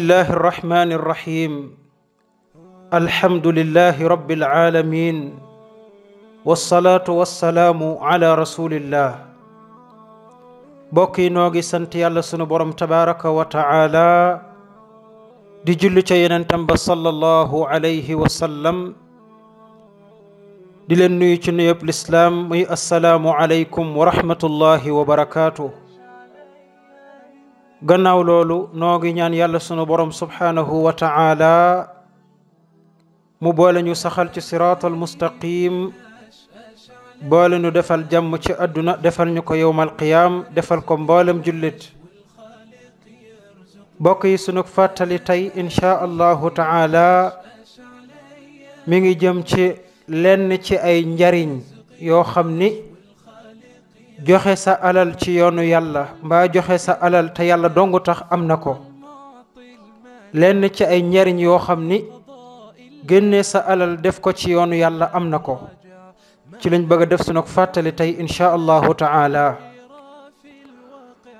الله الرحمن الرحيم الحمد لله رب العالمين والصلاة والسلام على رسول الله bokki noo ngi sant yàlla sunu borom tabaraka wa taala di julli ca yenentam ba sallallahu alayhi wa sallam di leen nuyu ci nuyub lislaam muy assalaamu aleykum wa rahmatullahi wa barakaatuh gannaaw loolu noo ngi ñaan yàlla sunu borom subhaanahu wa ta'ala mu boole ñu saxal ci siraatal mustaqim boole ñu defal jàmm ci àdduna defal ñu ko yowmal qiyaam defal ko mboolem jullit bokk yi sunu fàttali tey inchaa allahu ta'ala mi ngi jëm ci lenn ci ay njariñ yoo xam ni joxe sa alal ci yoonu yàlla mbaa joxe sa alal te yàlla dongu tax am na ko lenn ci ay njariñ yoo xam ni génne sa alal def ko ci yoonu yàlla am na ko ci lañ bëgg a def sunu fàttali tey incha allahu ta'ala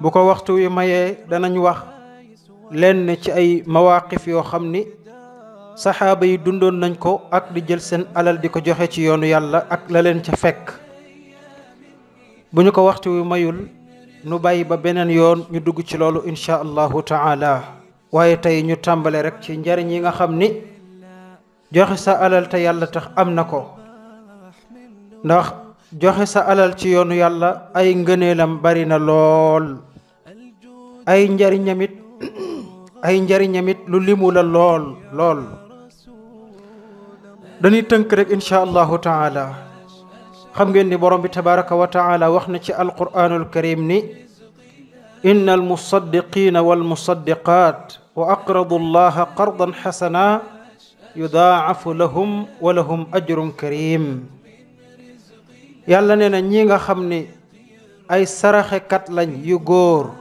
bu ko waxtu wi mayee danañ wax lenn ci ay mawaqif yoo xam ni saxaaba yi dundoon nañ ko ak di jël seen alal di ko joxe ci yoonu yàlla ak la leen ca fekk bu ñu ko waxtu wi mayul nu bàyyi ba beneen yoon ñu dugg ci loolu incha allahu ta'ala waaye tey ñu tàmbale rek ci njariñ yi nga xam ni joxe sa alal te yàlla tax am na ko ndax joxe sa alal ci yoonu yàlla ay ngëneelam bari na lool ay njariñamit ay njariñamit lu limu la lool lool dañuy tënk rek incha allahu ta'ala xam ngeen di borom bi tabaraka wax na ci alquraanul karim ni inna almusaddiqina walmusaddiqat wa aqradu allaha qardan xasana yudaafu lahum wa lahum ajrun karim yàlla nee na ñi nga xam ni ay saraxekat lañ yu góor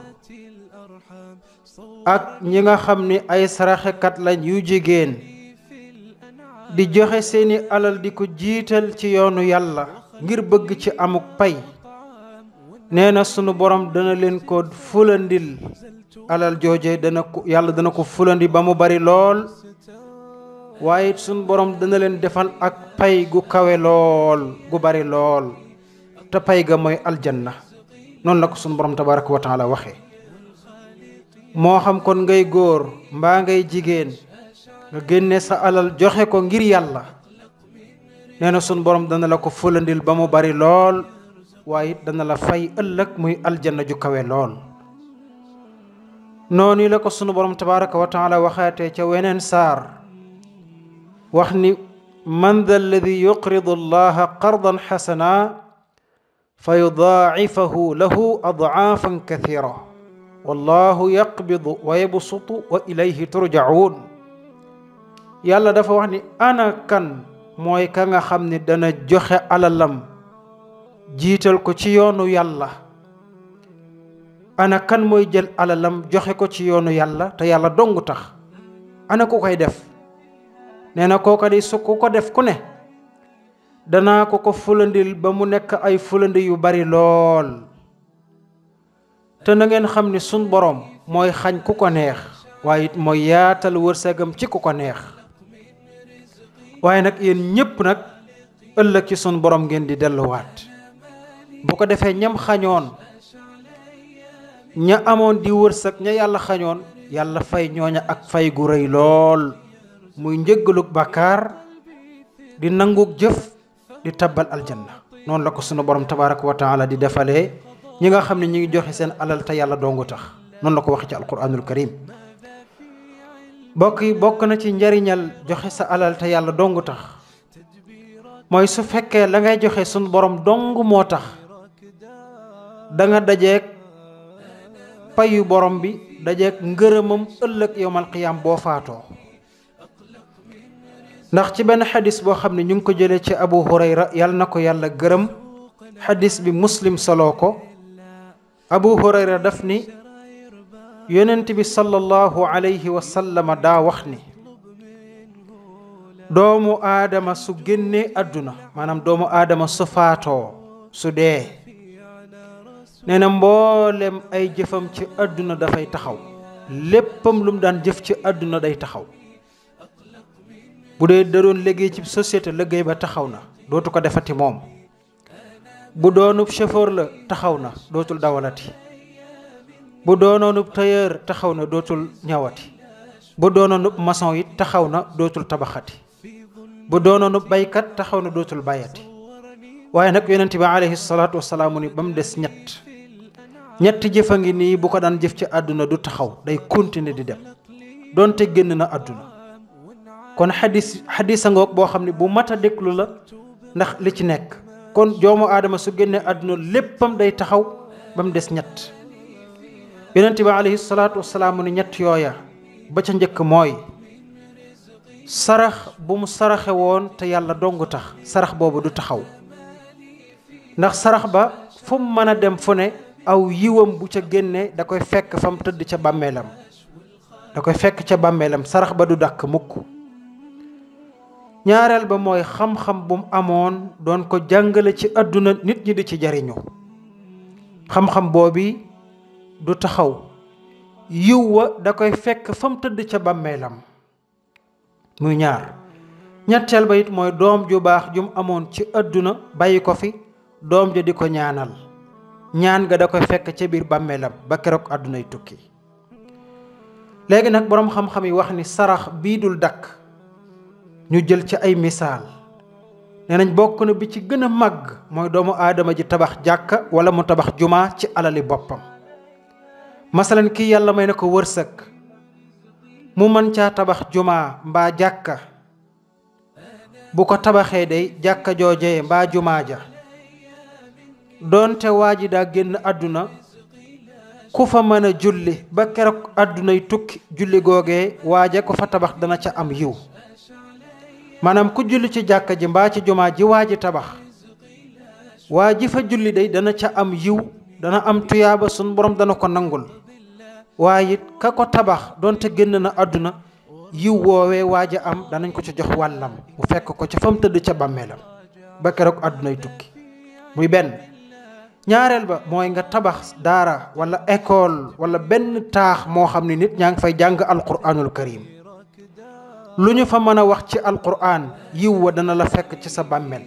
ak ñi nga xam ni ay saraxekat lañ yu jigéen di joxe seeni alal di ko jiital ci yoonu yàlla ngir bëgg ci amuk pay nee na sunu borom dana leen ko fulandil alal jooje dana ko yàlla dana ko fulandi ba mu bari lool waaye it sunu borom dana leen defal ak pay gu kawe lool gu bari lool te pay ga mooy aljanna noonu la ko sunu borom tabaraka wa la waxe moo xam kon ngay góor mbaa ngay jigéen nga génne sa alal joxe ko ngir yàlla nee na sunu borom dana la ko fulandil ba mu bari lool waaye dana la fay ëllëg muy aljanna ju kawe lool noonu la ko sunu borom tabaraka wa taala waxaatee ca weneen saar wax ni man da alladi yuqridu allaha qardan xasana fa yudaacifahu lahu adcaafan kathira wallahu yaqbidu wa yabsutu wa ilayhi turjacuun yàlla dafa wax ni ana kan mooy ka nga xam ni dana joxe alalam jiital ko ci yoonu yàlla ana kan mooy jël alalam joxe ko ci yoonu yàlla te yàlla dong tax ana ku koy def nee na kooka su ku ko def ku ne danaa ko ko fulandil ba mu nekk ay fulandi yu bari lool te na ngeen xam ni suñ borom mooy xañ ku ko neex waaye it mooy yaatal wërsëgam ci ku ko neex waaye nag yéen ñépp nag ëllëg ci sun borom ngeen di delluwaat bu ko defee ñam xañoon ña amoon di wërsëg ña yàlla xañoon yàlla fay ñooña ak fay gu rëy lool muy njëggalug bàkkaar di nangug jëf di tabbal aljanna noonu la ko sunu borom tabaraka wa taala di defalee ñi nga xam ne ñi ngi joxe seen alal te yàlla dongu tax noonu la ko wax ci alquranul karim bokk yi bokk na ci njariñal joxe sa alal te yàlla dong tax mooy su fekkee la ngay joxe sunu borom dong moo tax da nga dajeeg payu borom bi dajeeg ngërëmam ëllëg yowmal qiyaam boo faatoo ndax ci benn xadis boo xam ne ñu ngi ko jëlee ci abu hurayra yal na ko yàlla gërëm xadis bi muslim soloo ko abu hurayra daf ni yonent bi sallallahu alayhi wa sallama daa wax ni doomu aadama su génnee àdduna maanaam doomu aadama su su dee nee na mboolem ay jëfam ci àdduna dafay taxaw léppam lu mu daan jëf ci àdduna day taxaw bu dee da doon liggéey ci société liggéey ba taxaw na dootu ko defati moom bu doonub chauffeur la taxaw na dootul dawalati bu doonoonu tailleur taxaw na dootul ñawati bu doonoonub mason it taxaw na dootul tabaxati bu doonoonub baykat taxaw na dootul bàyyati waaye nag yonent bi alayhi salaatu wasalaam ni ba mu des ñett ñetti jëf a ngi nii bu ko daan jëf ci àdduna du taxaw day continuer di dem donte génn na àdduna kon xadis xadis a ngoog boo xam ne bu mat a déglu la ndax li ci nekk kon joomu aadama su génnee àdduna léppam day taxaw ba mu des ñett yonent bi alayhi salaatu wasalaam mu ne ñett yooya ba ca njëkk mooy sarax bu mu saraxe woon te yàlla dong tax sarax boobu du taxaw ndax sarax ba fu mu mën a dem fu ne aw yiwam bu ca génne da koy fekk fa mu tëdd ca bàmmeelam da koy fekk ca bàmmeelam sarax ba du dàkk mukk ñaareel ba mooy xam-xam bu amoon doon ko jàngale ci àdduna nit ñi di ci jariñu xam-xam boobi du taxaw yiw da koy fekk fa mu tëdd ca bàmmeelam muy ñaar ñetteel ba it mooy doom ju baax ju mu amoon ci àdduna bàyyi ko fi doom ja di ko ñaanal ñaan ga da koy fekk ca biir bàmmeelam ba keroog àddunay tukki léegi nag boroom xam-xam yi wax ni sarax bii dul dakk ñu jël ci ay misaal nee nañ bokk na bi ci gën a màgg mooy doomu aadama ji tabax jàkka wala mu tabax jumaa ci alali boppam masalan kii yàlla may ne ko wërsëg mu mën caa tabax jumaa mbaa jàkka bu ko tabaxee day jàkka joojee mbaa jumaa ja doonte waa ji daa génn àdduna ku fa mën a julli ba keroog àddunay tukki julli googee waaja ku fa tabax dana ca am yiw maanaam ku julli ci jàkka ji mbaa ci jumaa ji waa ji tabax waa ji fa julli day dana ca am yiw dana am tuyaaba sun borom dana ko nangul waaye it ka ko tabax donte génn na àdduna yiw woowee waaj a am danañ ko ca jox wàllam mu fekk ko ca fam tëdd ca bàmmeelam ba keroog àddunay tukki muy benn ñaareel ba mooy nga tabax daara wala ekool wala benn taax moo xam ne nit ñaa ngi fay jàng alquranul karim lu ñu fa mën a wax ci alquran yiw wa dana la fekk ci sa bàmmeel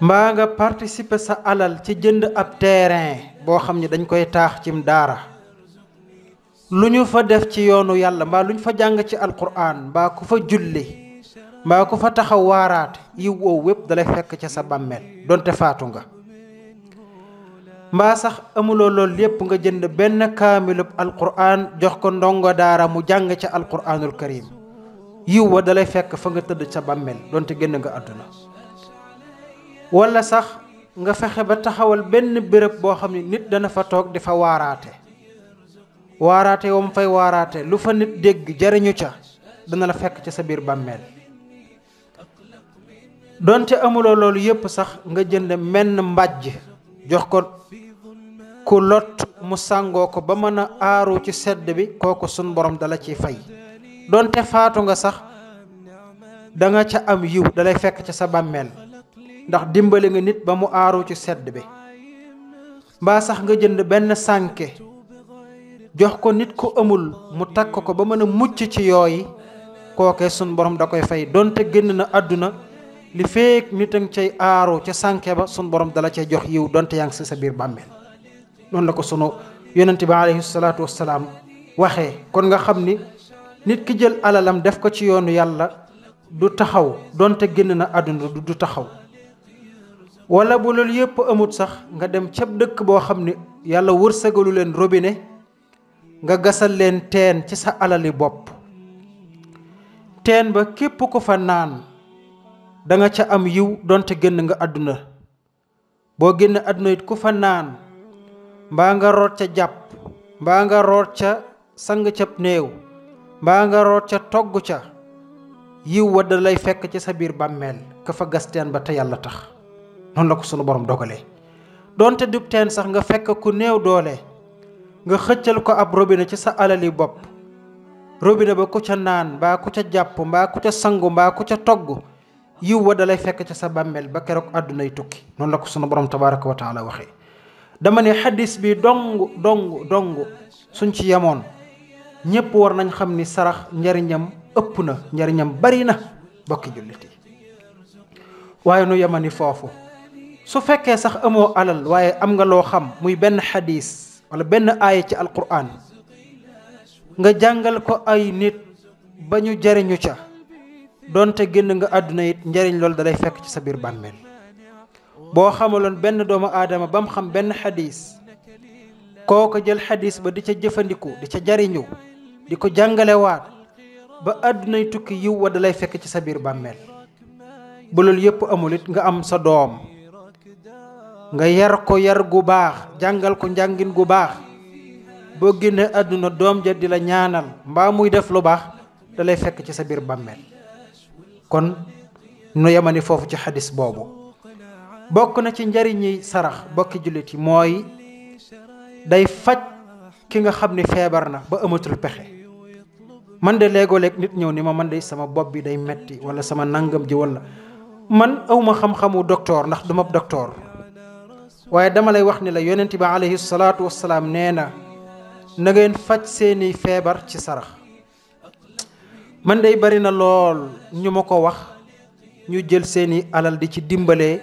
mbaa nga participer sa alal ci jënd ab terrain boo xam ne dañ koy taax cim daara lu ñu fa def ci yoonu yàlla mbaa lu ñu fa jàng ci alquran mbaa ku fa julli mbaa ku fa taxaw waaraat yi woow wépp dalay fekk ca sa bàmmeel donte faatu nga mbaa sax amuloo lool lépp nga jënd benn kaamilub alquran jox ko ndongo daara mu jàng ca alquranul karim yiw wa dalay fekk fa nga tëdd ca bàmmeel donte génn nga àdduna wala sax nga fexe ba taxawal benn béréb boo xam ne nit dana fa toog di fa waaraate waaraate mu fay waaraate lu fa nit dégg jariñu ca dina la fekk ca sa biir bàmmeel doonte amuloo loolu yépp sax nga jënd menn mbàjj jox ko ku lot mu sàngoo ko ba mën a aaru ci sedd bi kooku sun boroom dala ciy fay donte faatu nga sax danga ca am yiw dalay fekk ca sa bàmmeel ndax dimbali nga nit ba mu aaru ci sedd bi mbaa sax nga jënd benn sànke jox ko nit ku amul mu takk ko ba mën a mucc ci yooyu kookee sunu borom da koy fay donte génn na àdduna li feek nit a ngi cay aaru ca sànke ba sun borom dala cay jox yiw donte yaa ngi si sa biir bàmmeel noonu la ko sunu yonent bi alayhi salaatu wassalaam waxee kon nga xam ni nit ki jël alalam def ko ci yoonu yàlla du taxaw donte génn na àdduna du taxaw wala bu loolu yëpp amut sax nga dem cab dëkk boo xam ni yàlla wërsëgalu leen robine nga gasal leen teen ci sa alali bopp teen ba képp ko fa naan danga ca am yiw donte génn nga àdduna boo génn àdduna it ku fa naan mbaa nga root ca jàpp mbaa nga root ca sang ca néew mbaa nga root ca togg ca yiw wa da lay fekk ci sa biir bàmmeel ka fa gas teen ba te yàlla tax noonu la ko sunu borom dogalee donte dub teen sax nga fekk ku néew doole nga xëccal ko ab robine ci sa alali bopp robine ba ku ca naan mbaa ku ca jàpp mbaa ku ca sangu mbaa ku ca togg yiw wa dalay fekk ca sa bàmmeel ba keroog àddunay tukki noonu la ko sunu borom tabaraka wa taala waxee dama ne xadis bi dong dong dong suñ ci yemoon ñëpp war nañ xam ni sarax njariñam ëpp na njariñam bari na bokki jullit yi waaye nu yemani foofu su fekkee sax amoo alal waaye am nga loo xam muy benn xadis wala benn aaya ci alquran nga jàngal ko ay nit ba ñu jariñu ca doonte génn nga àdduna it njariñ loolu dalay fekk ci sa biir bàmmeel boo xamaloon benn doomu aadama ba mu xam benn xadis kooko jël xadis ba di ca jëfandiku di ca jariñu di ko jàngalewaat ba àddunay tukki yiw wa dalay fekk ci sa biir bàmmeel bu loolu yëpp amul it nga am sa doom nga yar ko yar gu baax jàngal ko njàngin gu baax boo génnee àdduna doom ja di la ñaanal mbaa muy def lu baax dalay fekk ci sa biir bàmmeel kon nu yemani foofu ci xadis boobu bokk na ci njariñi sarax bokki jullit yi mooy day faj ki nga xam ni feebar na ba amatul pexe man de léegoo-léeg nit ñëw ni ma man de sama bopp bi day metti wala sama nangam ji wala man awma xam-xamu docteur ndax duma docteur waaye dama lay wax ni la yonent bi alayhi salaatu wasalaam nee na na ngeen faj seeni feebar ci sarax man dey bari na lool ñu ma ko wax ñu jël seeni alal di ci dimbalee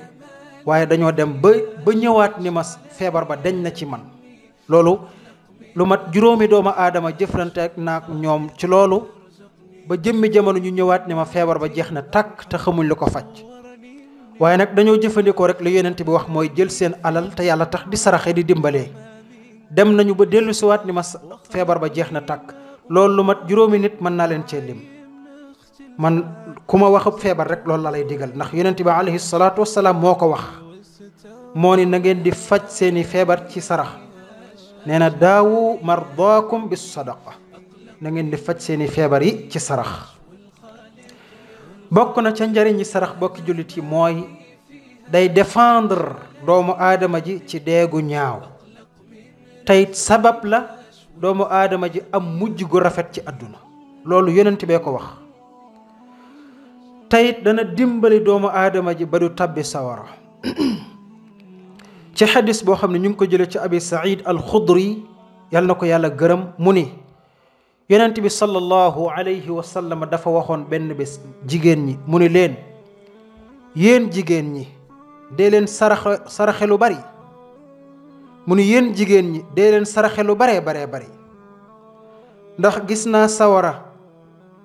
waaye dañoo dem ba ba ñëwaat ni ma feebar ba deñ na ci man loolu lu mat juróomi doomu aadama jëflante ak naak ñoom ci loolu ba jëmmi jamono ñu ñëwaat ni ma feebar ba jeex na tàkk te xamuñ lu ko faj waaye nag dañoo jëfandikoo rek li yonent bi wax mooy jël seen alal te yàlla tax di saraxe di dimbalee dem nañu ba dellu siwaat ni ma feebar ba jeex na tàkk loolu lu mat juróomi nit mën naa leen cee lim man ku ma waxub feebar rek loolu la lay digal ndax yonent bi alayhi salaatu wasalaam moo ko wax moo ni na ngeen di faj seeni feebar ci sarax nee na daawu mardaakum bis sadaqa na ngeen di faj seeni feebar yi ci sarax bokk na ca njariñi sarax bokki jullit yi mooy day défendre doomu aadama ji ci deegu ñaaw teyit sabab la doomu aadama ji am mujj gu rafet ci àdduna loolu yonent bee ko wax teyit dana dimbali doomu aadama ji ba du tabbi sawara ci xadis boo xam ne ñu ngi ko jële ci abi saïd al xudri yal na ko yàlla gërëm mu ni yonent bi sallallahu alayhi wa sallam dafa waxoon benn bés jigéen ñi mu ni leen yéen jigéen ñi dee leen saraxe saraxe lu bari mu ne yéen jigéen ñi dee leen saraxe lu baree baree bari ndax gis naa sawara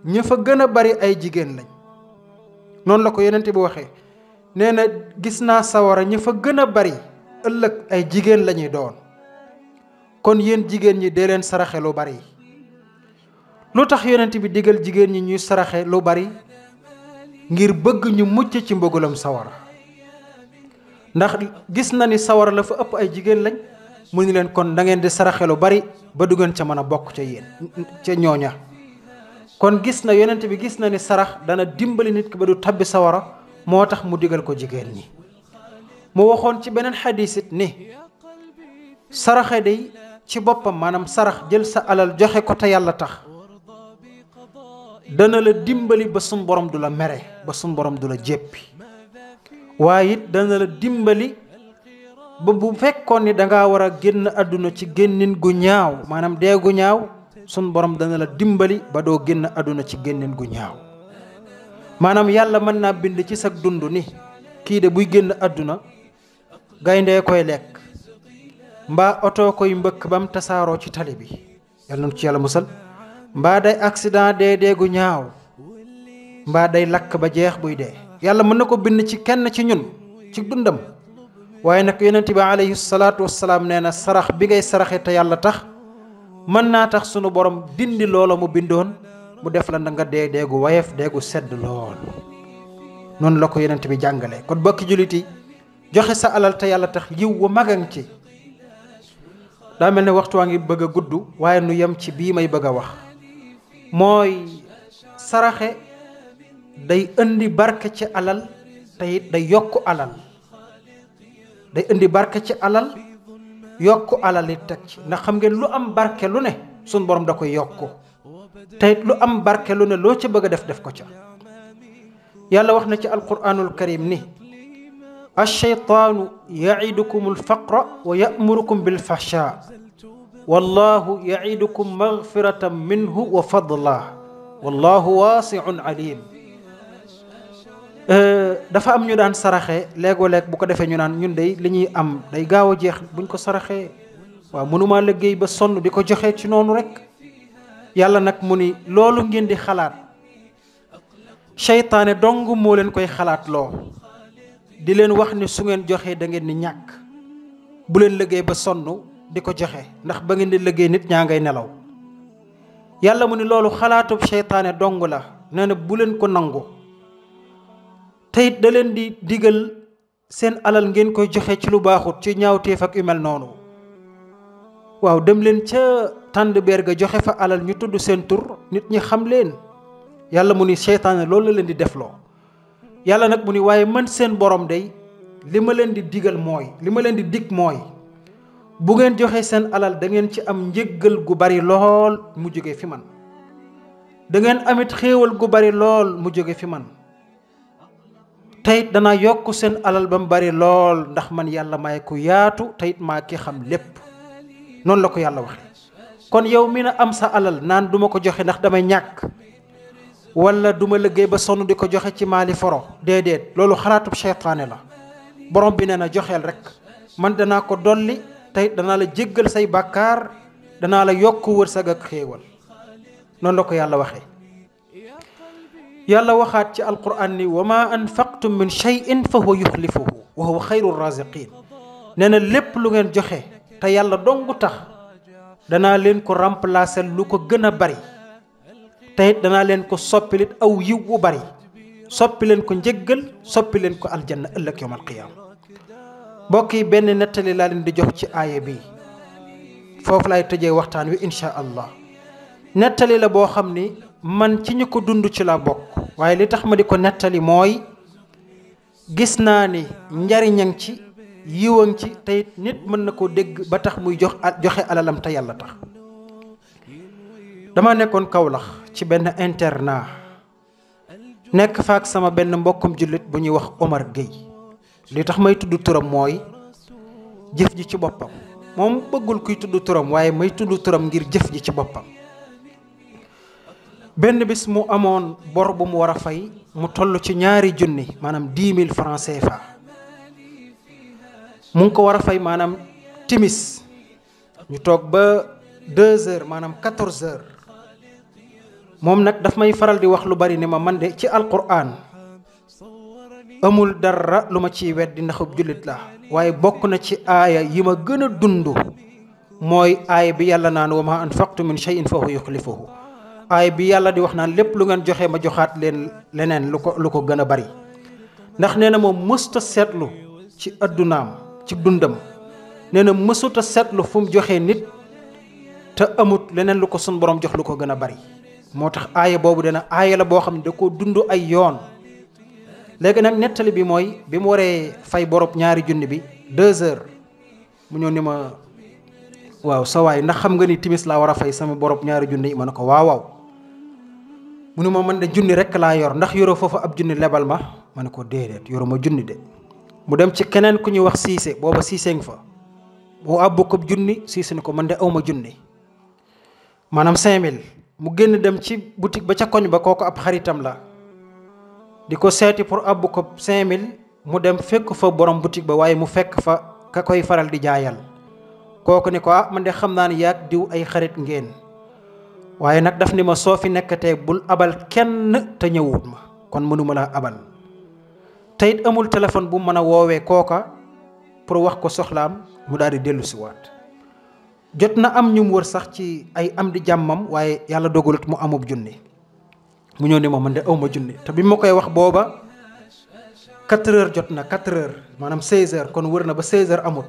ña fa gën a bari ay jigéen lañ noonu la ko yonent bi waxee nee na gis naa sawara ña fa gën a bari ëllëg ay jigéen lañuy doon kon yéen jigéen ñi dee leen saraxe lu bari lu tax yonent bi digal jigéen ñi ñuy saraxe lu bari ngir bëgg ñu mucc ci mbugalam sawara ndax gis na ni sawara la fa ëpp ay jigéen lañ mu ni leen kon da ngeen di saraxe lu bari ba du ca mën bokk ca yéen ca ñooña kon gis na yonent bi gis na ni sarax dana dimbali nit ki ba du tabbi sawara moo tax mu digal ko jigéen ñi mu waxoon ci beneen xadiis it ni saraxe day ci boppam maanaam sarax jël sa alal joxe ko te yàlla tax dana la dimbali ba sun borom du la mere ba sun borom du la jéppi waaye it dana la dimbali ba bu fekkoon ni dangaa war a génn àdduna ci génnin gu ñaaw maanaam dee gu ñaaw sun borom dana la dimbali ba doo génn àdduna ci génnin gu ñaaw maanaam yàlla mën naa bind ci sag dund ni kii de buy génn àdduna gayndee koy lekk mbaa oto koy mbëkk bam tasaaroo ci tali bi yàlla na ci yàlla musal mbaa day accident dee dee gu ñaaw mbaa day lakk ba jeex buy dee yàlla mën na ko bind ci kenn ci ñun ci dundam waaye nag yonent bi alayhi salaatu nee na sarax bi ngay saraxee te yàlla tax mën naa tax sunu borom dindi loola mu bindoon mu def la nga dee dee gu wayef dee gu sedd lool noonu la ko yonent bi jàngale kon bokki jullit joxe sa alal te yàlla tax yiw wu magan ci daa mel ne waxtu waa ngi bëgg gudd waaye nu yem ci bii may bëgg a wax mooy saraxe day indi barke ci alal te day yokk alal day indi barke ci alal yokk alal it teg ci ndax xam ngeen lu am barke lu ne sunu borom da koy yokk te lu am barke lu ne loo ca bëgg a def def ko ca yàlla wax na ci alquranul karim ni alcheytaanu yaidukum alfaqra wa yamurukum bilfahsha wallahu yaidukum magfiratan minhu wa fadla wallahu waasiun alim eh, dafa am ñu daan saraxe léegoo-leeg bu ko defee ñu naan ñun dey li ñuy am day gaaw a jeex buñ ko saraxee waaw mënumaa liggéey ba sonn di ko joxee ci noonu rek yàlla nag mu ni loolu ngeen di xalaat seytaane dong moo leen koy xalaat loo di leen wax ni su ngeen joxee da ngeen ni ñàkk bu leen liggéey ba sonn di ko joxe ndax ba ngeen di liggéey nit ñaa ngay nelaw yàlla mu ni loolu xalaatub seytaane dong la nee na bu leen ko nangu teyit da leen di digal seen alal ngeen koy joxe ci lu baaxut ci ñaawteef ak yu mel noonu waaw dem leen ca tànd beer ga joxe fa alal ñu tudd seen tur nit ñi xam leen yàlla mu ni seytaane loolu la leen di defloo yàlla nag mu ni waaye man seen borom day li ma leen di diggal mooy li ma leen di dig mooy bu ngeen joxee seen alal da ngeen ci am njëggal gu bari lool mu jóge fi man dangeen amit xéewal gu bari lool mu jóge fi man teyit dana yokk seen alal ba mu bari lool ndax man yàlla may ku yaatu teyit maa ki xam lépp noonu la ko yàlla waxe kon yow mi ne am sa alal naan duma ko joxe ndax damay ñàkk wala duma liggéey ba sonn di ko joxe ci maali foro déedéet loolu xalaatub seytaane la borom bi nee na joxeel rek man danaa ko dolli tey danaa la jéggal say bàkkaar danaa la yokk wërsëg ak xéewal noonu la ko yàlla waxee yàlla waxaat ci alquran ni wa ma anfaqtum min cheyin fa huwa yuxlifuhu wa huwa raziqin nee na lépp lu ngeen joxe te yàlla dong tax danaa leen ko remplacer lu ko gën a bari te danaa leen ko soppilit aw yiw bu bari soppi leen ko njëggal soppi leen ko aljanna ëllëg yowm alqiyaama mbokk yi benn nettali laa leen di jox ci aaya bi foofu laay tëje waxtaan wi incha allah nettali la boo xam ni man ci ñu ko dund ci laa bokk waaye li tax ma di ko nettali mooy gis naa ni njariñang ci yiwang ci tey nit mën na koo dégg ba tax muy jox joxe alalam te yàlla tax dama nekkoon Kawlax ci benn internat nekk faak sama benn mbokkum jullit bu ñuy wax Omar Gueye li tax may tudd turam mooy jëf ji ci boppam moom bëggul kuy tudd turam waaye may tudd turam ngir jëf ji ci boppam benn bis mu amoon bor bu mu war a fay mu toll ci ñaari junni maanaam dix mille francs CFA mu ngi ko war a fay maanaam timis ñu toog ba deux heures maanaam quatorze heures moom nag dafa may faral di wax lu bari ne ma man de ci alquran amul dara lu ma ci wet di ndaxub jullit la waaye bokk na ci aaya yi ma gën a dund mooy aaya bi yàlla naan wa ma anfaqtu min shay'in fa huwa yukhlifuhu aaya bi yàlla di wax naan lépp lu ngeen joxe ma joxaat leen leneen lu ko lu ko gën a bari ndax nee na moom mësuta seetlu ci addunaam ci dundam nee na mësuta seetlu fu mu joxee nit te amut leneen lu ko sun borom jox lu ko gën a bari moo tax aaya boobu dana aaya la boo xam ne da ko dund ay yoon léegi nag nettali bi mooy bi mu waree fay borob ñaari junni bi deux heures mu ñëw ni ma waaw sa waay ndax xam nga ni timis laa war a fay sama borob ñaari junni yi mane ko waaw waaw mu ne ma man de junni rek laa yor ndax yoroo foofu ab junni lebal ma ma ne ko déedéet yoroo ma junni de mu dem ci keneen ku ñuy wax siise booba siise nga fa mu àbbu ko junni siise ni ko man de awma junni maanaam cinq mille mu génn dem ci boutique ba ca koñ ba kooku ab xaritam la di ko seeti pour àbb ko 5000 mu dem fekk fa borom boutique ba waaye mu fekk fa ka koy faral di jaayal kooku ni ko ah man de xam naa ni yaag diw ay xarit ngeen waaye nag daf ni ma soo fi nekkatee bul abal kenn te ñëwut ma kon mënuma laa abal teyit amul téléphone bu mën a woowee kooka pour wax ko soxlaam mu daal di dellu waat jot na am ñu mu wër sax ci ay am di jàmmam waaye yàlla dogalut mu amub junni mu ñëw ne moom man de awma junni te bi ma koy wax booba 4 heures jot na 4 heures maanaam 16 kon wër na ba 16 heures amut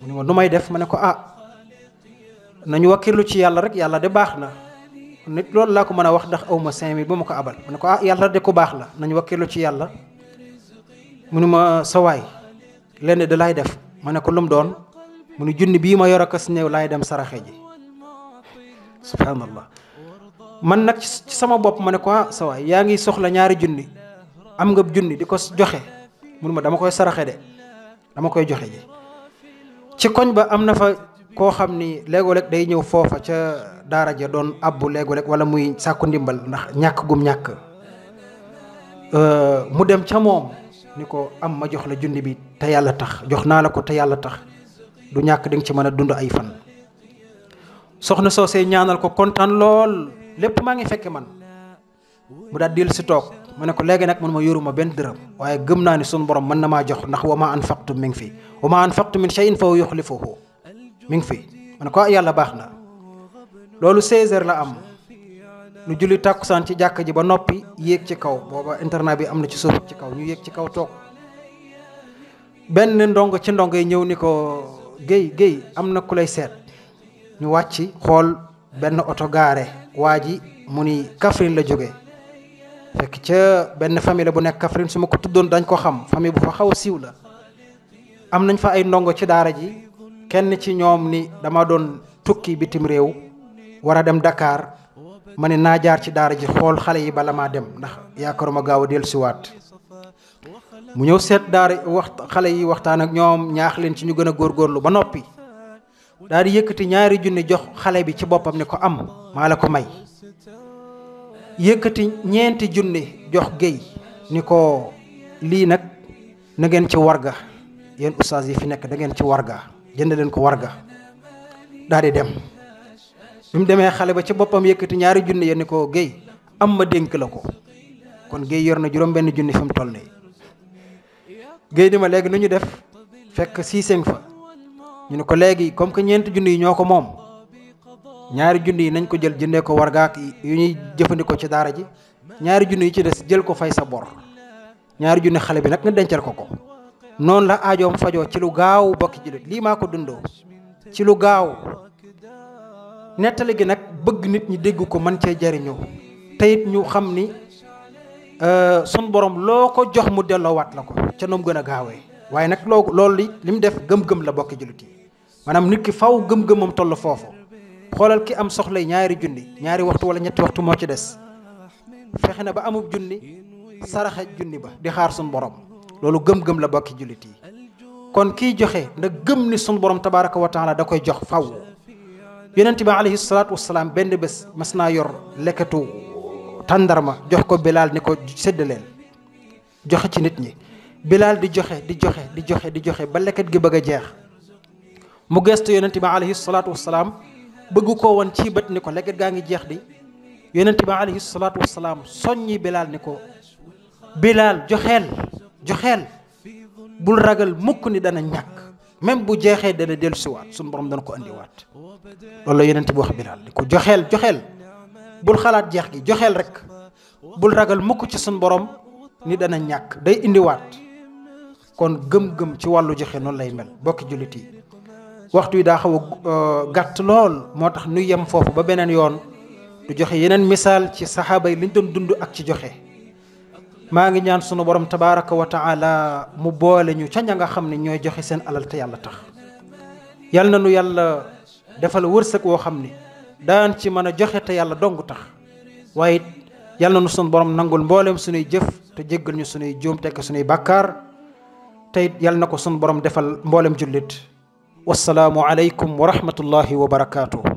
mu ne ma nu may def ma ne ko ah nañu wakkirlu ci yàlla rek yàlla de baax na nit loolu laa ko mën a wax ndax awma cinq mille ba ma ko abal ma ne ko ah yàlla de ko baax la nañu wakkirlu ci yàlla mu ne ma sa lenn da laay def ma ne ko lum doon mu ne junni bii ma yor akas néew laay dem saraxe ji subhanallah man nag ci sama bopp ma ne ko ah sa yaa ngi soxla ñaari junni am nga junni di ko joxe mun ma dama koy saraxe de dama koy joxe ji ci koñ ba am na fa koo xam ni léegoo-leeg day ñëw foofa ca daara ja doon abbu léegoo-leeg wala muy sàkku ndimbal ndax ñàkk gum ñàkk euh, mu dem ca moom ni ko am ma jox la junni bi te yàlla tax jox naa la ko te yàlla tax du ñàkk di ci mën a dund ay fan soxna soosee ñaanal ko kontaan lool lépp maa ngi fekke man mu daal dellu si toog ma ne ko léegi nag man ma yoruma benn dërëm waaye gëm naa ni sunu borom mën na maa jox ndax wa ma an anfaqtu mi ngi fi wa ma anfaqtu min shay'in fa yuxlifuhu mi ngi fi ma ne ko ah, yàlla baax na loolu 16 heures la am nu julli tàkkusaan ci jàkk ji ba noppi yéeg ci kaw booba internat bi am na ci suuf ci kaw ñu yéeg ci kaw toog benn ndong ci ndong yi ñëw ni ko géy géy am na ku lay seet ñu wàcc xool benn oto gaare waa ji mu ni Kaffrine la jóge fekk ca benn famille bu nekk Kaffrine su ma ko tuddoon dañ ko xam famille bu fa xaw a siiw la am nañ fa ay ndongo ci daara ji kenn ci ñoom ni dama doon tukki bitim réew war a dem dakaar ma ne naa jaar ci daara ji xool xale yi bala maa dem ndax yaakaaruma gaaw a dellusiwaat mu ñëw seet daara wax xale yi waxtaan ak ñoom ñaax leen ci ñu gën a góorlu ba noppi daal di yëkkati ñaari junni jox xale bi ci boppam ne ko am maa la ko may yëkkati ñeenti junni jox géy ni ko lii nag na ngeen ci warga yéen ustaas yi fi nekk da ngeen ci warga jënd leen ko warga daal di dem bi mu demee xale ba ci boppam yëkkati ñaari junni yéen ni ko géy am ma dénk la ko kon géy yor na juróom benn junni fi mu toll nii géy di ma léegi nu ñu def fekk sii fa ñu ne ko léegi comme que ñeenti junni yi ñoo ko moom ñaari junni yi nañ ko jël jëndee ko wargaak yu ñuy jëfandikoo ci daara ji ñaari junni yi ci des jël ko fay sa bor ñaari junni xale bi nag nga dencal ko ko noonu la aajoom fajoo ci lu gaaw bokki jullit lii maa ko dundoo ci lu gaaw nettali gi nag bëgg nit ñi dégg ko man cee jariñoo te it ñu xam ni euh, sun borom loo ko jox mu delloowaat la ko ca noom gën a gaawee waaye nag loo loolu li mu def gëm-gëm la bokki jullit yi maanaam nit ki faw gëm-gëmam toll foofu xoolal ki am soxlay ñaari junni ñaari waxtu wala ñetti waxtu moo ci des fexe na ba amub junni saraxa junni ba di xaar suñu borom loolu gëm-gëm la bokki jullit yi kon kiy joxe nda gëm ni suñu borom tabaraka wa da koy jox faw yonent bi alayhi salaatu wasalaam benn bés mas naa yor leketu tàndarma jox ko bilaal ni ko séddaleel joxe ci nit ñi bilaal di joxe di joxe di joxe di joxe ba leket gi bëgg a jeex mu gestu yonent bi alayhi salaatu wasalaam bëgg ko woon ci bët ni ko leget gaa ngi jeex di yonent bi alayhi salaatu wasalaam soññi bilaal ni ko bilaal joxeel joxeel bul ragal mukk ni dana ñàkk même bu jeexee dana dellusiwaat suñu borom dana ko indiwaat loolu la yonent bi wax bilaal ni ko joxeel joxeel bul xalaat jeex gi joxeel rek bul ragal mukk ci suñu borom ni dana ñàkk day indiwaat kon gëm-gëm ci wàllu joxe noonu lay mel bokki jullit yi waxtu wi daa xaw a euh, gàtt lool moo tax nu yem foofu ba beneen yoon du joxe yeneen misaal ci saxaaba yi liñ doon dund ak ci joxe maa ngi ñaan sunu borom tabaaraka wa taala mu boole ñu ca ña nga xam ne ñooy joxe seen alal te yàlla tax yal na nu yàlla defal wërsëg woo xam ni daan ci mën a joxe te yàlla dong tax waaye yal na nu sunu borom nangul mbooleem sunuy jëf te jéggal ñu sunuy juum tekk sunuy bàkkaar te it yal na ko sunu borom defal mboolem jullit wasalaamu aleykum wa rahmatullahi wa barakaatu.